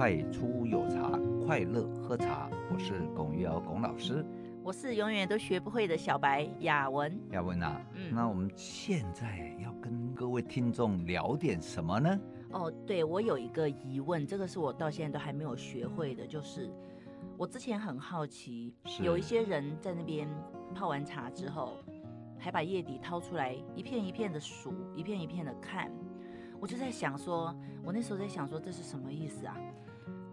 快出有茶，快樂喝茶。我是龔於堯，龔老師。我是永遠都學不會的小白雅文。雅文吶、啊嗯，那我們現在要跟各位聽眾聊點什麼呢？哦，對，我有一個疑問，這個是我到現在都還沒有學會的，就是我之前很好奇，有一些人在那邊泡完茶之後，還把葉底掏出來一片一片的數，一片一片的看。我就在想說，我那時候在想說，這是什麼意思啊？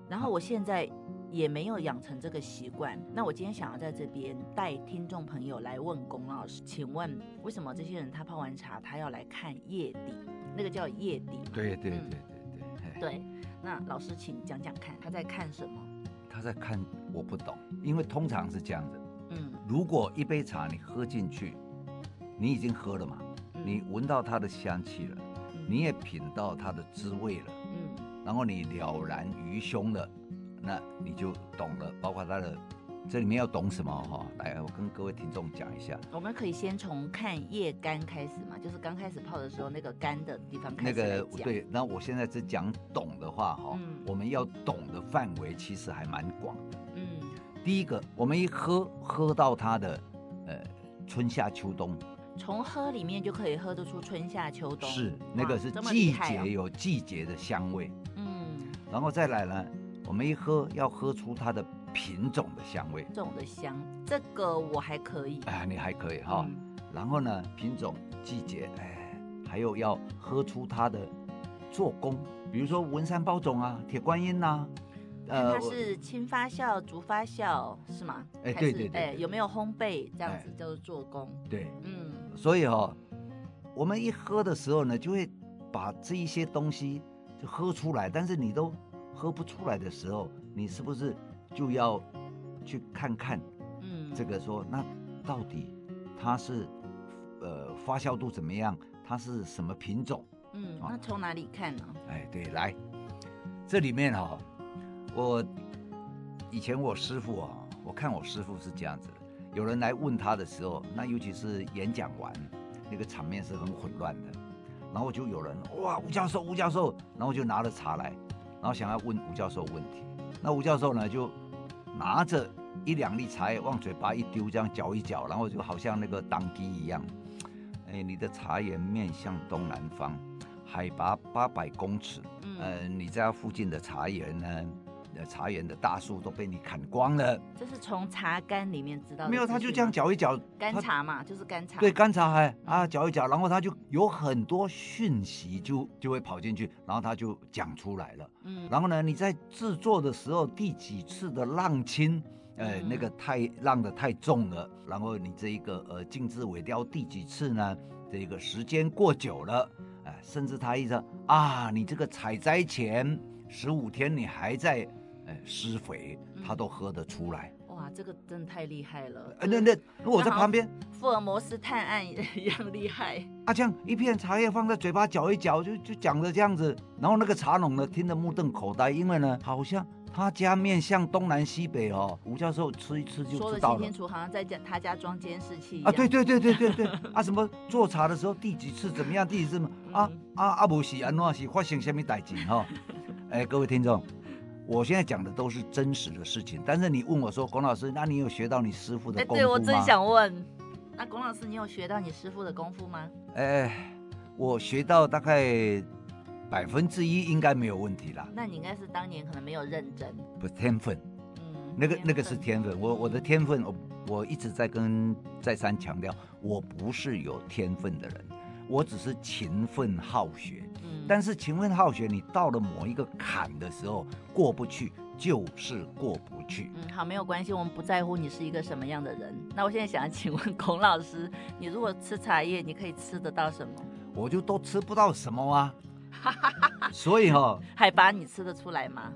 然後我現在也沒有養成這個習慣。那我今天想要在這邊帶聽眾朋友來問龔老師，請問為什麼這些人他泡完茶，他要來看葉底？那個叫葉底。嗯、對對對對對。對，那老師請講講看，他在看什麼？他在看，我不懂，因為通常是這樣子。如果一杯茶你喝進去，你已經喝了嘛，你聞到它的香氣了，你也品到它的滋味了。然後你了然於胸了，那你就懂了。包括它的這裡面要懂什麼哈、哦？來，我跟各位聽眾講一下。我們可以先從看葉乾開始嘛，就是剛開始泡的時候那個乾的地方開始講。那個對，那我現在是講懂的話哈、哦嗯，我們要懂的範圍其實還蠻廣的。嗯，第一個，我們一喝喝到它的呃春夏秋冬。從喝裡面就可以喝得出春夏秋冬，是那個是季節有季節的香味，嗯、啊啊，然後再來呢，我們一喝要喝出它的品種的香味，種的香，這個我還可以，哎，你還可以哈、哦嗯，然後呢品種季節，哎，還有要喝出它的做工，比如說文山包種啊，鐵觀音吶、啊，呃，它是輕發酵、足發酵是嗎？哎對，對對對，哎有沒有烘焙這樣子叫做做工、哎？對，嗯。所以哈、哦，我們一喝的時候呢，就會把這一些東西就喝出來。但是你都喝不出來的時候，你是不是就要去看看？嗯，這個說那到底它是呃發酵度怎麼樣？它是什麼品種？嗯、啊，那從哪裡看呢？哎，對，來，這裡面哈、哦，我以前我師傅啊、哦，我看我師傅是這樣子。有人來問他的時候，那尤其是演講完，那個場面是很混亂的。然後就有人哇，吳教授，吳教授，然後就拿了茶來，然後想要問吳教授問題。那吳教授呢，就拿着一兩粒茶葉往嘴巴一丟，這樣嚼一嚼，然後就好像那個當機一樣。哎、欸，你的茶園面向東南方，海拔八百公尺。嗯、呃。你家附近的茶園呢？茶園的大樹都被你砍光了，這是從茶乾裡面知道的。沒有，他就這樣攪一攪乾茶嘛，就是乾茶。對，乾茶還、哎嗯、啊攪一攪，然後他就有很多訊息就就會跑進去，然後他就講出來了。嗯，然後呢，你在製作的時候，第幾次的浪青，呃，嗯、那個太浪的太重了。然後你這一個呃靜置萎凋第幾次呢？這個時間過久了，呃、甚至他一直啊，你這個採摘前十五天你還在。施肥，他都喝得出來。哇，這個真的太厲害了。哎，那那我在旁邊，福爾摩斯探案一樣厲害。阿、啊、這樣一片茶葉放在嘴巴嚼一嚼，就就講的這樣子。然後那個茶農呢，聽得目瞪口呆，因為呢，好像他家面向東南西北哦。吳教授吃一吃就知道了。說了天好像在講他家裝監視器。啊，對對對對對對，對對對對 啊什麼做茶的時候第幾次怎麼樣第幾次嘛，啊、嗯、啊啊不是安怎是發生什麼代誌哈？哎、哦，各位聽眾。我現在講的都是真實的事情，但是你問我說，龔老師，那你有學到你師父的功夫嗎？欸、對我真想問，那龔老師，你有學到你師父的功夫嗎？哎、欸、我學到大概百分之一，應該沒有問題啦。那你應該是當年可能沒有認真，不是天分，嗯，那個、那個、那個是天分。我我的天分，我我一直在跟再三強調，我不是有天分的人，我只是勤奮好學。但是勤奮好學，你到了某一個坎的時候過不去，就是過不去。嗯，好，沒有關係，我們不在乎你是一個什麼樣的人。那我現在想請問龔老師，你如果吃茶葉，你可以吃得到什麼？我就都吃不到什麼啊。 所以哈、哦，海拔你吃得出來嗎？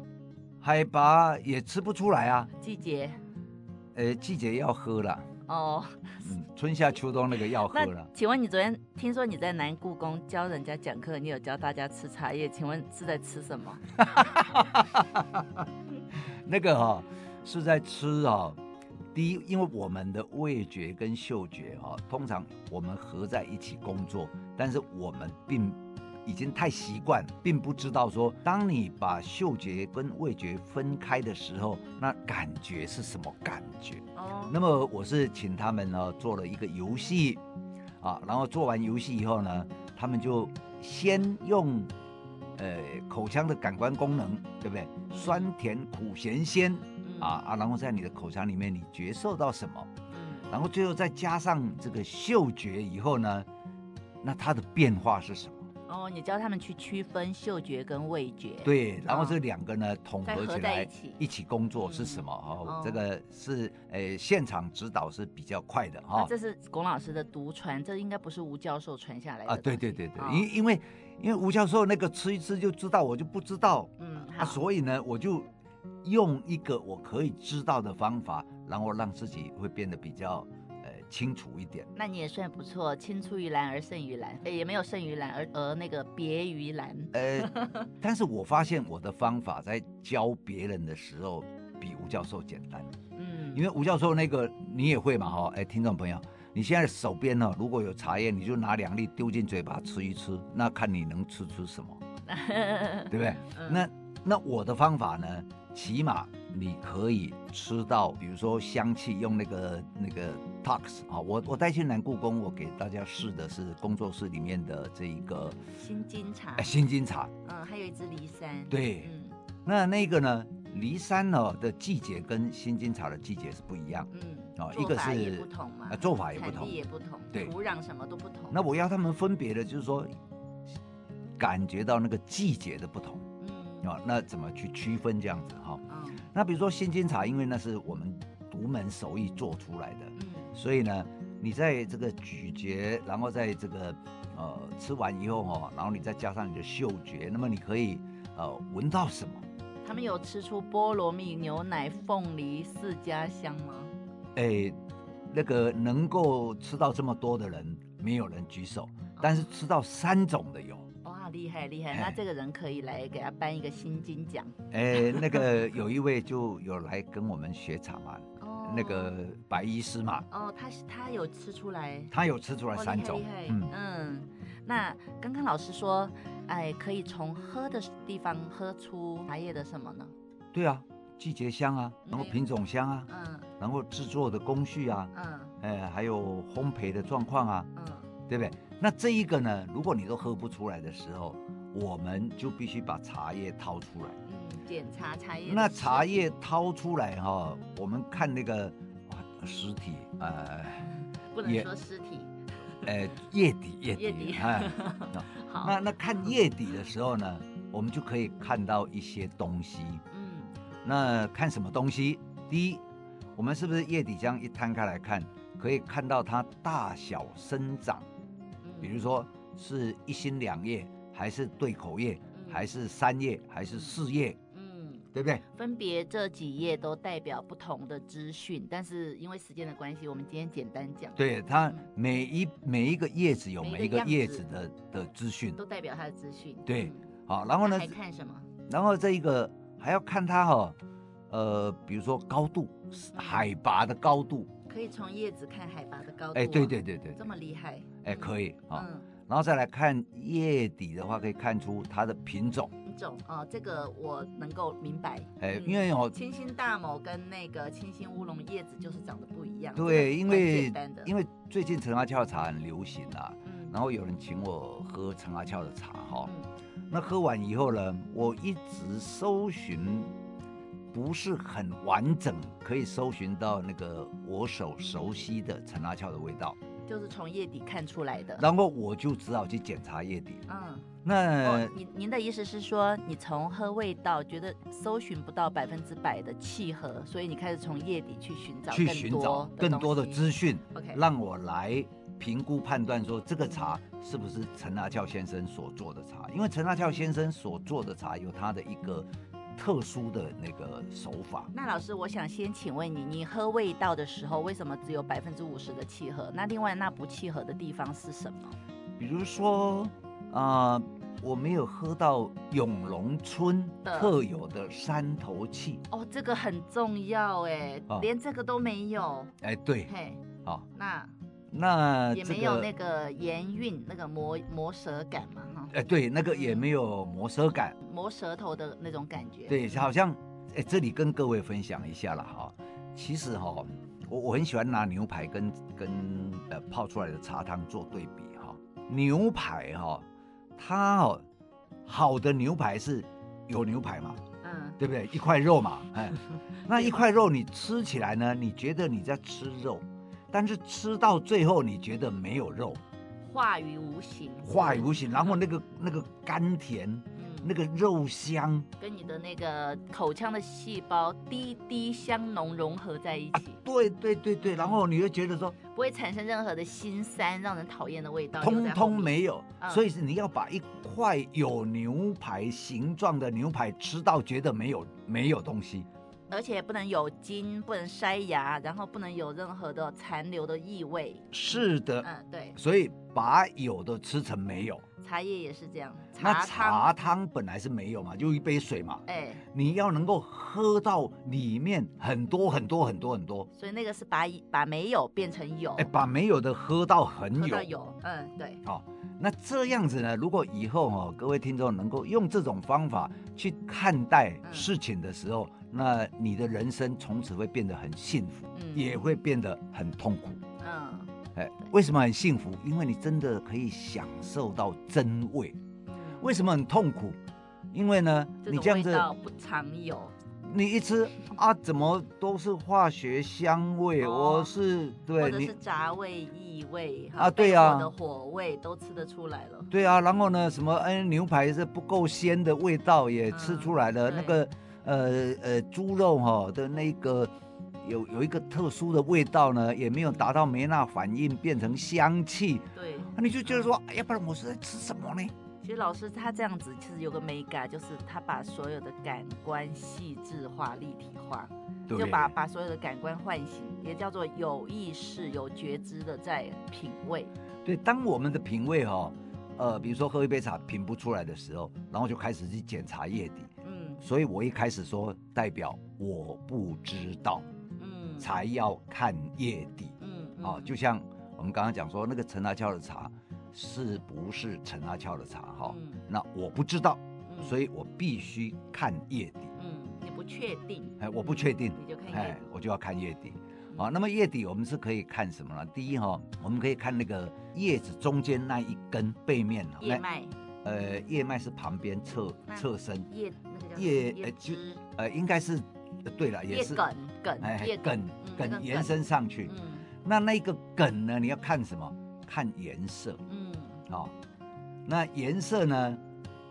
海拔也吃不出來啊。季節，呃、哎，季節要喝了。哦、嗯，春夏秋冬那個要喝了。請問你昨天聽說你在南故宮教人家講課，你有教大家吃茶葉？請問是在吃什麼？ 那個哈、哦、是在吃啊、哦、第一，因為我們的味覺跟嗅覺哈、哦，通常我們合在一起工作，但是我們並已經太習慣，並不知道說，當你把嗅覺跟味覺分開的時候，那感覺是什麼感覺？那麼我是請他們呢做了一個遊戲，啊，然後做完遊戲以後呢，他們就先用，呃，口腔的感官功能，對不對？酸甜苦鹹鮮，啊啊，然後在你的口腔裡面，你覺受到什麼？然後最後再加上這個嗅覺以後呢，那它的變化是什麼？哦，你教他們去區分嗅覺跟味覺，對，哦、然後這兩個呢統合起來在合在一起一起工作是什麼？嗯、哦，這個是呃現場指導是比較快的哈、哦啊。這是龔老師的獨傳，這應該不是吳教授傳下來的啊？對對對對，因、哦、因為因為吳教授那個吃一吃就知道，我就不知道，嗯，啊、所以呢我就用一個我可以知道的方法，然後讓自己會變得比較。清楚一點，那你也算不錯，青出於藍而勝於藍，也沒有勝於藍而而那個別於藍。呃，但是我發現我的方法在教別人的時候比吳教授簡單。嗯，因為吳教授那個你也會嘛哈？哎，聽眾朋友，你現在手邊呢如果有茶葉，你就拿兩粒丟進嘴巴吃一吃，那看你能吃出什麼，對不對？那那我的方法呢，起碼。你可以吃到，比如說香氣，用那個那個 tax 啊，我我帶去南故宮，我給大家試的是工作室裡面的這一個新金茶，新金茶，嗯、哦，還有一支梨山，對，嗯、那那個呢，梨山呢的季節跟新金茶的季節是不一樣，嗯，哦，一個是不同嘛，做法也不同，產地也不同，對，土壤什麼都不同。那我要他們分別的，就是說感覺到那個季節的不同。啊，那怎麼去區分這樣子哈？啊，那比如說新金茶，因為那是我們獨門手藝做出來的，嗯，所以呢，你在這個咀嚼，然後在這個呃吃完以後哦，然後你再加上你的嗅覺，那麼你可以呃聞到什麼？他們有吃出菠蘿蜜、牛奶、鳳梨四家香嗎？哎，那個能夠吃到這麼多的人，沒有人舉手，但是吃到三種的有。厲害厲害，那這個人可以來給他頒一個新金獎。哎，那個有一位就有來跟我們學茶嘛，那個白醫師嘛。哦，他是他有吃出來。他有吃出來三種。厲害。嗯嗯，那剛剛老師說，哎，可以從喝的地方喝出茶葉的什麼呢？對啊，季節香啊，然後品種香啊，嗯，然後製作的工序啊，嗯，哎，還有烘焙的狀況啊，嗯，對不對？那這一個呢？如果你都喝不出來的時候，我們就必須把茶葉掏出來，檢、嗯、查茶葉。那茶葉掏出來哈、哦嗯，我們看那個屍體不能說屍體，呃，葉底葉底、呃、啊。 那那看葉底的時候呢，我們就可以看到一些東西。嗯。那看什麼東西？第一，我們是不是葉底這樣一攤開來看，可以看到它大小生長？比如說是一心兩葉，還是對口葉、嗯，還是三葉，還是四葉，嗯，對不對？分別這幾葉都代表不同的資訊，但是因為時間的關係，我們今天簡單講。對，它每一、嗯、每一個葉子有每一個葉子的的資訊，都代表它的資訊、嗯。對，好，然後呢？還看什麼？然後這一個還要看它哈、哦，呃，比如說高度，海拔的高度。可以從葉子看海拔的高度、啊，哎、欸，對對對對，這麼厲害，哎、欸，可以啊、嗯哦，然後再來看葉底的話，可以看出它的品種。品種啊、哦，這個我能夠明白。哎、嗯，因為哦，青心大冇跟那個青心烏龍葉子就是長得不一樣。對，因為簡單的因為最近陳阿蹺茶很流行啦、啊，然後有人請我喝陳阿蹺的茶哈、哦，那喝完以後呢，我一直搜尋，不是很完整，可以搜尋到那個我所熟悉的陳阿翹的味道，就是從葉底，看出來的。然後我就只好去檢查葉底。嗯，那您您的意思是說，你從喝味道覺得搜尋不到百分之百的契合，所以你開始從葉底去尋找，去尋找更多的資訊，讓我來評估判斷說，這個茶是不是陳阿翹先生所做的茶，因為陳阿翹先生所做的茶有他的一個。特殊的那個手法。那老師，我想先請問你，你喝味道的時候，為什麼只有百分之五十的契合？那另外那不契合的地方是什麼？比如說，啊、呃，我沒有喝到永隆村特有的山頭氣。哦，這個很重要，哎、哦，連這個都沒有。哎、欸，對。嘿，好、哦，那。那、這個、也沒有那個岩韻，那個磨磨舌感嘛，哈、欸。對，那個也沒有磨舌感，磨舌頭的那種感覺。對，好像，欸、這裡跟各位分享一下了哈。其實哈、喔，我我很喜歡拿牛排跟跟呃泡出來的茶湯做對比哈、喔。牛排哈、喔，它哦、喔，好的牛排是，有牛排嘛，嗯，對不對？一塊肉嘛， 那一塊肉你吃起來呢，你覺得你在吃肉。但是吃到最後，你覺得沒有肉，化於無形。化於無形，然後那個、嗯、那個甘甜、嗯，那個肉香，跟你的那個口腔的細胞滴滴香濃融合在一起、啊。對對對對，然後你就覺得說，不會產生任何的腥膻、讓人討厭的味道，通通沒有。嗯、所以是你要把一塊有牛排形狀的牛排吃到覺得沒有沒有東西。而且不能有筋，不能塞牙，然後不能有任何的殘留的異味。是的，嗯，對。所以把有的吃成沒有，茶葉也是這樣。那茶湯本來是沒有嘛，就一杯水嘛。哎，你要能夠喝到裡面很多很多很多很多。所以那個是把把沒有變成有，哎，把沒有的喝到很有。有，嗯，對。好，那這樣子呢？如果以後哈、哦，各位聽眾能夠用這種方法去看待事情的時候。嗯那你的人生從此會變得很幸福，嗯、也會變得很痛苦。嗯，哎，為什麼很幸福？因為你真的可以享受到真味。為什麼很痛苦？因為呢，你這樣子不常有。你一吃啊，怎麼都是化學香味？哦、我是對，或者是雜味異味啊？對啊，的火味都吃得出來了。啊對，啊對啊，然後呢，什麼嗯、哎，牛排是不夠鮮的味道也吃出來了，嗯、那個。呃呃，豬肉哈的那個有有一個特殊的味道呢，也沒有達到梅納反應變成香氣，對，那、啊、你就覺得說，要、哎、不然我是在吃什麼呢？其實老師他這樣子其實有個美感，就是他把所有的感官細致化、立體化，對，就把把所有的感官喚醒，也叫做有意識、有覺知的在品味。對，當我們的品味哈，呃，比如說喝一杯茶品不出來的時候，然後就開始去檢查葉底。嗯。所以我一開始說，代表我不知道，嗯，才要看葉底，嗯，啊、嗯哦，就像我們剛剛講說，那個陳阿嬌的茶是不是陳阿嬌的茶？哈、嗯哦，那我不知道，嗯，所以我必須看葉底，嗯，你不確定，哎，我不確定，你就、哎、我就要看葉底，啊、嗯，那麼葉底我們是可以看什麼呢？第一哈、哦，我們可以看那個葉子中間那一根背面，葉脈，呃，葉脈是旁邊側側身。葉就呃應該是對了，也是梗梗，哎，梗梗，梗、嗯、梗，梗延伸上去、嗯。那那個梗呢，你要看什麼？看顏色。嗯，好、哦。那顏色呢？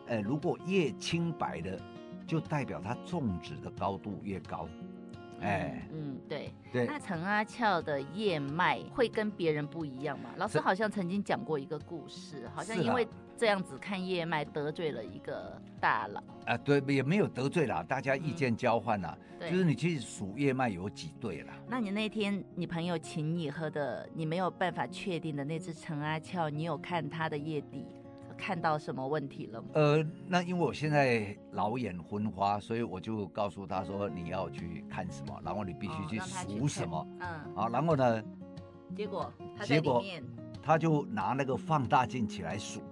呃，如果越青白的，就代表它種植的高度越高。嗯、哎，嗯，對，對，那陳阿俏的葉脈會跟別人不一樣嗎？老師好像曾經講過一個故事，好像因為這樣子看葉脈得罪了一個大佬、啊。啊，對，也沒有得罪啦，大家意見交換啦、嗯。就是你去數葉脈有幾對了？那你那天你朋友請你喝的，你沒有辦法確定的那隻陳阿俏，你有看它的葉底、啊？看到什麼問題了嗎？呃，那因為我現在老眼昏花，所以我就告訴他說，你要去看什麼，然後你必須去數什麼，哦、嗯，啊，然後呢？結果，結果他就拿那個放大鏡起來數，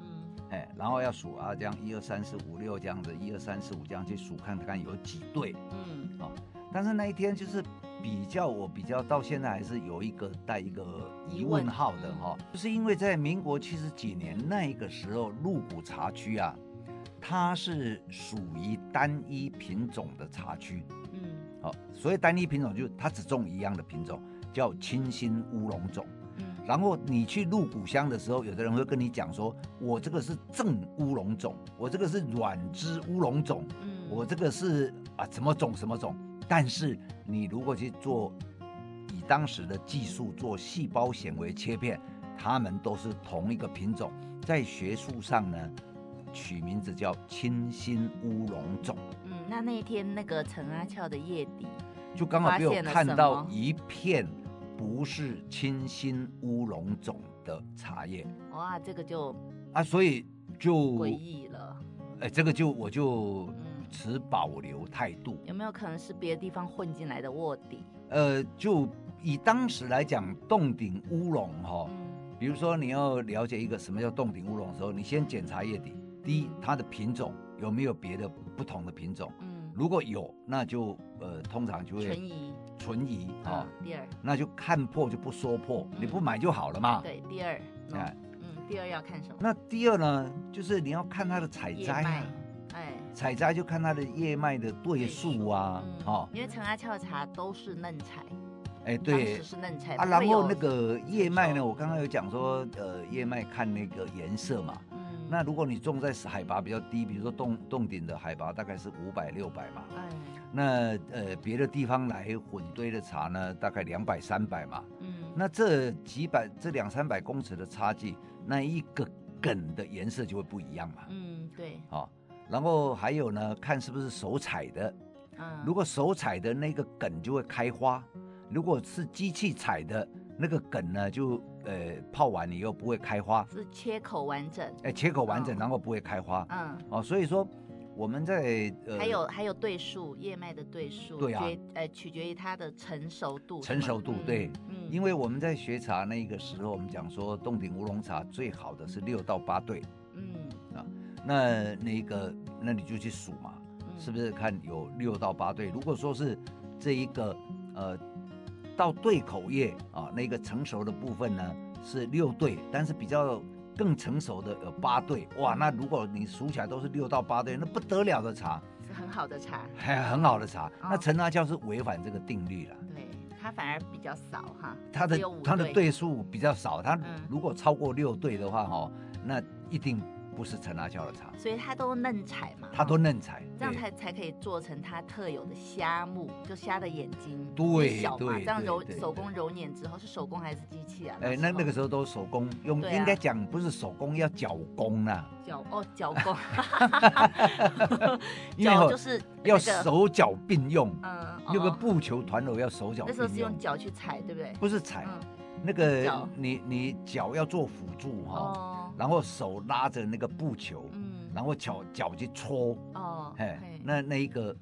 嗯，哎，然後要數啊，這樣一二三四五六這樣子，一二三四五這樣去數，看看有幾對，嗯，哦但是那一天就是比較，我比較到現在還是有一個帶一個疑問號的哈，就是因為在民國七十幾年那一個時候，鹿谷茶區啊，它是屬於單一品種的茶區，嗯，好，所以單一品種就它只種一樣的品種，叫青心烏龍種，嗯，然後你去鹿谷鄉的時候，有的人會跟你講說，我這個是正烏龍種，我這個是軟枝烏龍種，嗯，我這個是啊什麼種什麼種。但是你如果去做以當時的技術做細胞顯微切片，它們都是同一個品種，在學術上呢，取名字叫青心烏龍種。嗯，那那一天那個陳阿俏的葉底，就剛好被我看到一片不是青心烏龍種的茶葉。哇，這個就啊，所以就詭異了。哎，這個就我就。持保留態度，有沒有可能是別的地方混進來的臥底？呃，就以當時來講，洞頂烏龍哈，比如說你要了解一個什麼叫洞頂烏龍的時候，你先檢查葉底，第一，它的品種有沒有別的不同的品種，嗯、如果有，那就呃，通常就會存疑，存疑啊。第二、哦，那就看破就不說破、嗯，你不買就好了嘛。對，第二嗯，嗯，第二要看什麼？那第二呢，就是你要看它的採摘。採摘就看它的葉脈的對數啊對、嗯哦，因為陳阿俏的茶都是嫩採哎、欸，對，是嫩採啊。然後那個葉脈呢，我剛剛有講說、嗯，呃，葉脈看那個顏色嘛、嗯。那如果你種在海拔比較低，比如說洞洞頂的海拔大概是五百六百嘛，嗯、那呃，別的地方來混堆的茶呢，大概兩百三百嘛。嗯。那這幾百這兩三百公尺的差距，那一個梗的顏色就會不一樣嘛。嗯，對。好、哦。然後還有呢，看是不是手採的，嗯，如果手採的那個梗就會開花，如果是機器採的，那個梗呢就呃泡完你又不會開花，是切口完整，哎，切口完整，哦，然後不會開花，嗯，哦，所以說我們在，呃，還有還有對數葉脈的對數，對啊，呃取決於它的成熟度，成熟度對，嗯，嗯，因為我們在學茶那個時候，我們講說凍頂烏龍茶最好的是六到八對。那那一個，那你就去數嘛，是不是？看有六到八對。如果說是這一個呃到對口葉啊、哦，那個成熟的部分呢是六對，但是比較更成熟的有八對。哇，那如果你數起來都是六到八對，那不得了的茶，是很好的茶、哎，很好的茶、哦。那陳阿嬌是違反這個定律了，對，它反而比較少哈，它的它的對數比較少，它如果超過六對的話哈、嗯哦，那一定。不是陳阿嬌的茶，所以他都嫩採嘛、哦。他都嫩採，這樣才才可以做成他特有的蝦目，就蝦的眼睛，對對，這樣揉，手工揉捻之後是手工還是機器啊？哎，那那個時候都手工，用、啊、應該講不是手工，要腳工啊。腳哦，腳工， 腳就是要手腳並用，嗯，那個布球團揉，要手腳。嗯、那時候是用腳去踩，對不對？不是踩，嗯，那個你你腳要做輔助哈、哦嗯。然後手拉着那個布球，嗯，然後腳腳去搓，哦，哎，那那一個，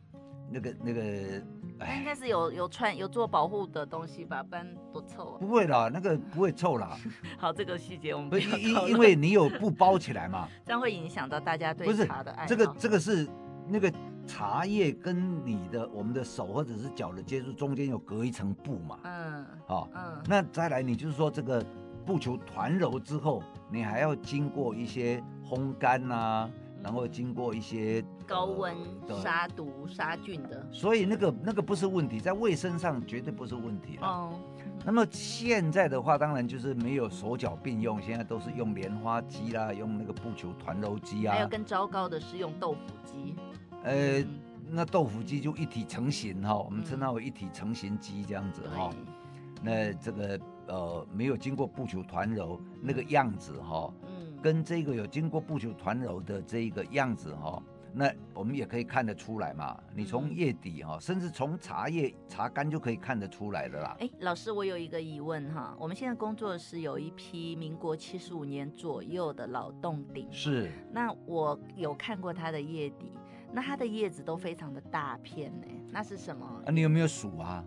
那個那個，應該是有有穿有做保護的東西吧？不然多臭啊。不會啦，那個不會臭啦。 好，這個細節我們不。因因因為你有布包起來嘛。 這樣會影響到大家對茶的愛好。不是這個這個是那個茶葉跟你的我們的手或者是腳的接觸中間有隔一層布嘛？嗯。好、哦，嗯。那再來，你就是說這個。布球團揉之後，你還要經過一些烘乾吶、啊，然後經過一些高溫、呃、的殺毒、殺菌的，所以那個那個不是問題，在衛生上絕對不是問題哦，那麼現在的話，當然就是沒有手腳並用，現在都是用蓮花機啦，用那個布球團揉機啊。還有更糟糕的是用豆腐機。呃、嗯欸，那豆腐機就一體成型哈，嗯、我們稱它為一體成型機這樣子哈。那這個。呃，沒有經過布球團揉那個樣子哈、哦嗯，跟這個有經過布球團揉的這個樣子哈、哦，那我們也可以看得出來嘛。你從葉底哈、嗯，甚至從茶葉茶乾就可以看得出來的啦。哎、欸，老師，我有一個疑問哈、啊，我們現在工作的是有一批民國七十五年左右的老凍頂，是。那我有看過它的葉底，那它的葉子都非常的大片呢、欸，那是什麼？啊，你有沒有數啊？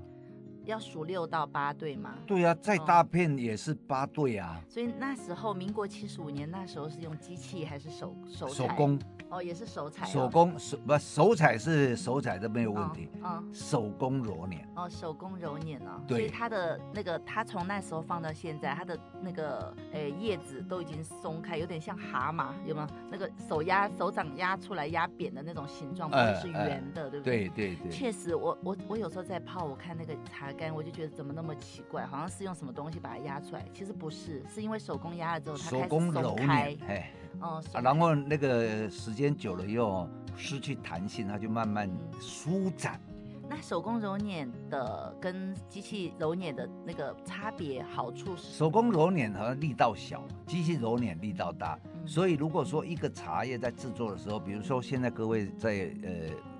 要數六到八對嗎？對啊，再大片也是八對啊。哦，所以那時候，民國七十五年那時候是用機器還是手手手工？哦，也是手採、啊，手工手不手採是手採都沒有問題，嗯，手工揉捻。哦，手工揉捻、哦、啊，對，所以它的那個它從那時候放到現在，它的那個哎，葉子都已經鬆開，有點像蛤蟆，有嗎？那個手壓手掌壓出來壓扁的那種形狀，嗯、是圓的、嗯嗯，對不對？嗯、對對對。確實我，我我我有時候在泡，我看那個茶乾，我就覺得怎麼那麼奇怪，好像是用什麼東西把它壓出來，其實不是，是因為手工壓了之後，它開始開手工揉捻、嗯嗯、開。哎，哦，然後那個時間。時間久了又失去彈性，它就慢慢舒展。那手工揉捻的跟機器揉捻的那個差別，好處是？手工揉捻好像力道小，機器揉捻力道大。所以如果說一個茶葉在製作的時候，比如說現在各位在呃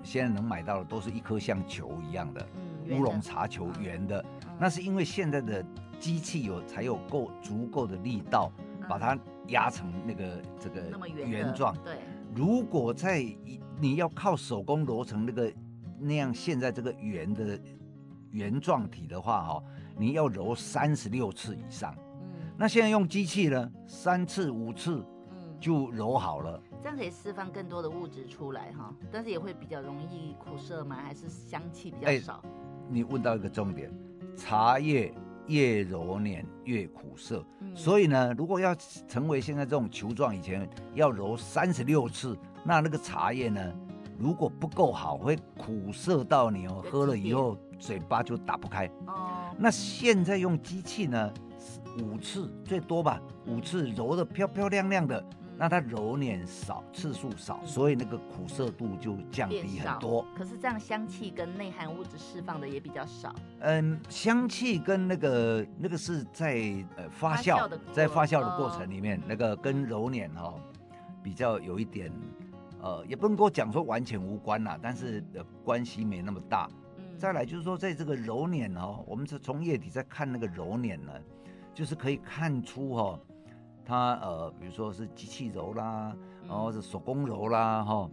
現在能買到的都是一顆像球一樣的烏龍茶球圓的，那是因為現在的機器有才有夠足夠的力道，把它壓成那個這個那麼圓，圓狀。對。如果在一你要靠手工揉成那個那樣現在這個圓的圓狀體的話哈、哦，你要揉三十六次以上，嗯，那現在用機器呢，三次五次，嗯，就揉好了、嗯。這樣可以釋放更多的物質出來哈、哦，但是也會比較容易苦澀嗎？還是香氣比較少？欸，你問到一個重點，茶葉。越揉捻越苦澀。嗯，所以呢，如果要成為現在這種球狀，以前要揉三十六次，那那個茶葉呢，如果不夠好，會苦澀到你哦，喝了以後嘴巴就打不開。嗯，那現在用機器呢，五次最多吧，五次揉得漂漂亮亮的。那它揉捻少次數少，所以那個苦澀度就降低很多。可是這樣香氣跟內含物質釋放的也比較少。嗯、呃，香氣跟那個那個是在呃發酵，發酵，在發酵的過程裡面，哦、那個跟揉捻哈比較有一點，呃，也不能夠講說完全無關啦，但是的關係沒那麼大，嗯。再來就是說，在這個揉捻哦，我們是從葉底在看那個揉捻呢，就是可以看出哈、哦。它呃，比如說是機器揉啦、嗯，然後是手工揉啦，哈、哦，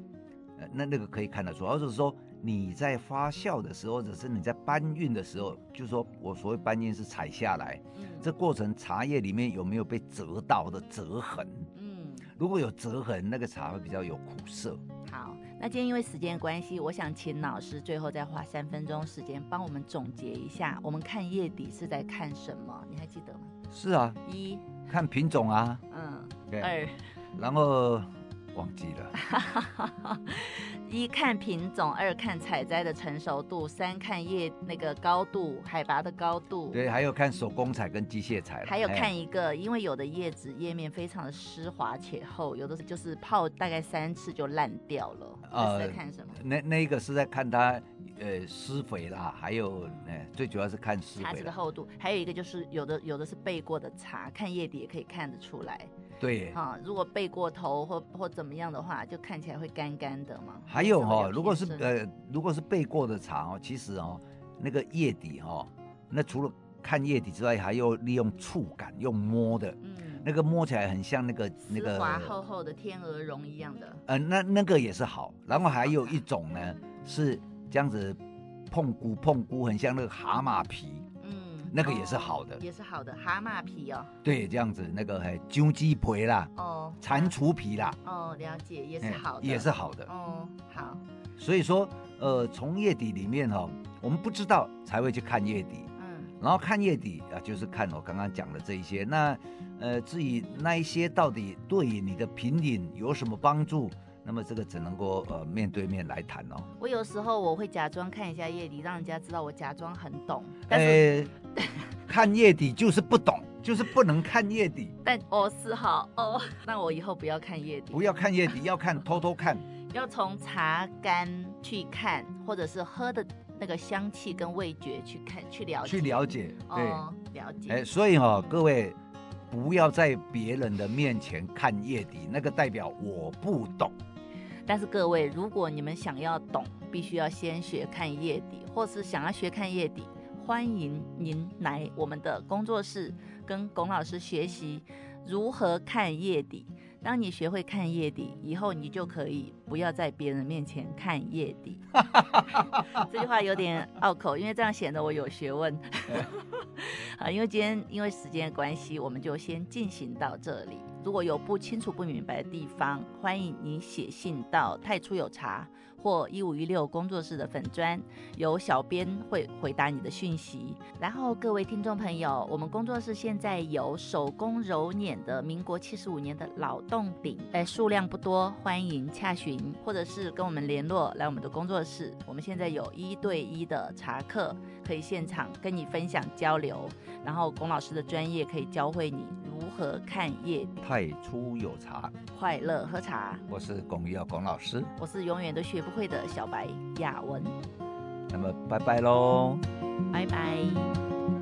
那那個可以看得出。或是說你在發酵的時候，或者是你在搬運的時候，就是、說我所謂搬運是採下來、嗯，這過程茶葉裡面有沒有被折到的折痕？嗯，如果有折痕，那個茶會比較有苦澀。好，那今天因為時間關係，我想請老師最後再花三分鐘時間，幫我們總結一下，我們看葉底是在看什麼？你還記得嗎？是啊，一。看品種啊，嗯，對，Okay。嗯，然後忘記了。 一看品種，二看採摘的成熟度，三看葉那個高度、海拔的高度。對，還有看手工採跟機械採。還有看一個，因為有的葉子葉面非常的濕滑且厚，有的是就是泡大概三次就爛掉了。呃、這是在看什麼？那那個是在看它呃施肥啦，還有、呃、最主要是看施肥。茶籽的厚度。還有一個就是有的有的是焙過的茶，看葉底也可以看得出來。對啊、哦，如果焙過頭或或怎麼樣的話，就看起來會乾干的嘛。還有哈、哦，如果是呃，如果是焙過的茶哦，其實哦，那個葉底哈、哦，那除了看葉底之外，還要利用觸感，用摸的。嗯。那個摸起來很像那個那個滑厚厚的天鵝絨一樣的。嗯、呃，那那個也是好。然後還有一種呢，是這樣子碰菇，碰菇很像那個蛤蟆皮。那個也是好的，也是好的，蛤蟆皮哦。對，這樣子那個還金雞皮啦，哦，蟾蜍皮啦，哦，了解，也是好的、欸，也是好的，哦，好。所以說，呃，從葉底裡面哈、哦，我們不知道才會去看葉底，嗯，然後看葉底啊，就是看我剛剛講的這一些。那，呃，至於那一些到底對於你的品飲有什麼幫助，那麼這個只能夠呃面對面來談哦。我有時候我會假裝看一下葉底，讓人家知道我假裝很懂，但是、欸。 看葉底就是不懂，就是不能看葉底。 但我，哦，是哈哦，那我以後不要看葉底，不要看葉底， 要看偷偷看，要從茶乾去看，或者是喝的那個香氣跟味覺去看去了解。去了解，對，對了解。哎，欸，所以哈，哦，各位不要在別人的面前看葉底，那個代表我不懂。 但是各位，如果你們想要懂，必須要先學看葉底，或是想要學看葉底。歡迎您來我們的工作室跟龔老師學習如何看葉底。當你學會看葉底以後，你就可以不要在別人面前看葉底。 這句話有點拗口，因為這樣顯得我有學問。啊， 因為今天因為時間的關係，我們就先進行到這裡。如果有不清楚不明白的地方，歡迎你寫信到太初有茶或一五一六工作室的粉專，有小編會回答你的訊息。然後各位聽眾朋友，我們工作室現在有手工揉捻的民國七十五年的老凍頂，哎，數量不多，歡迎洽詢或者是跟我們聯絡，來我們的工作室。我們現在有一對一的茶課，可以現場跟你分享交流，然後龔老師的專業可以教會你。如何看葉太初有茶，快樂喝茶。我是龔於堯龔老師，我是永遠都學不會的小白雅文。那麼，拜拜嘍！拜拜。